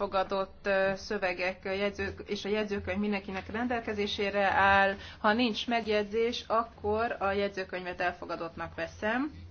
elfogadott szövegek jegyzők, és a jegyzőkönyv mindenkinek rendelkezésére áll. Ha nincs megjegyzés, akkor a jegyzőkönyvet elfogadottnak veszem.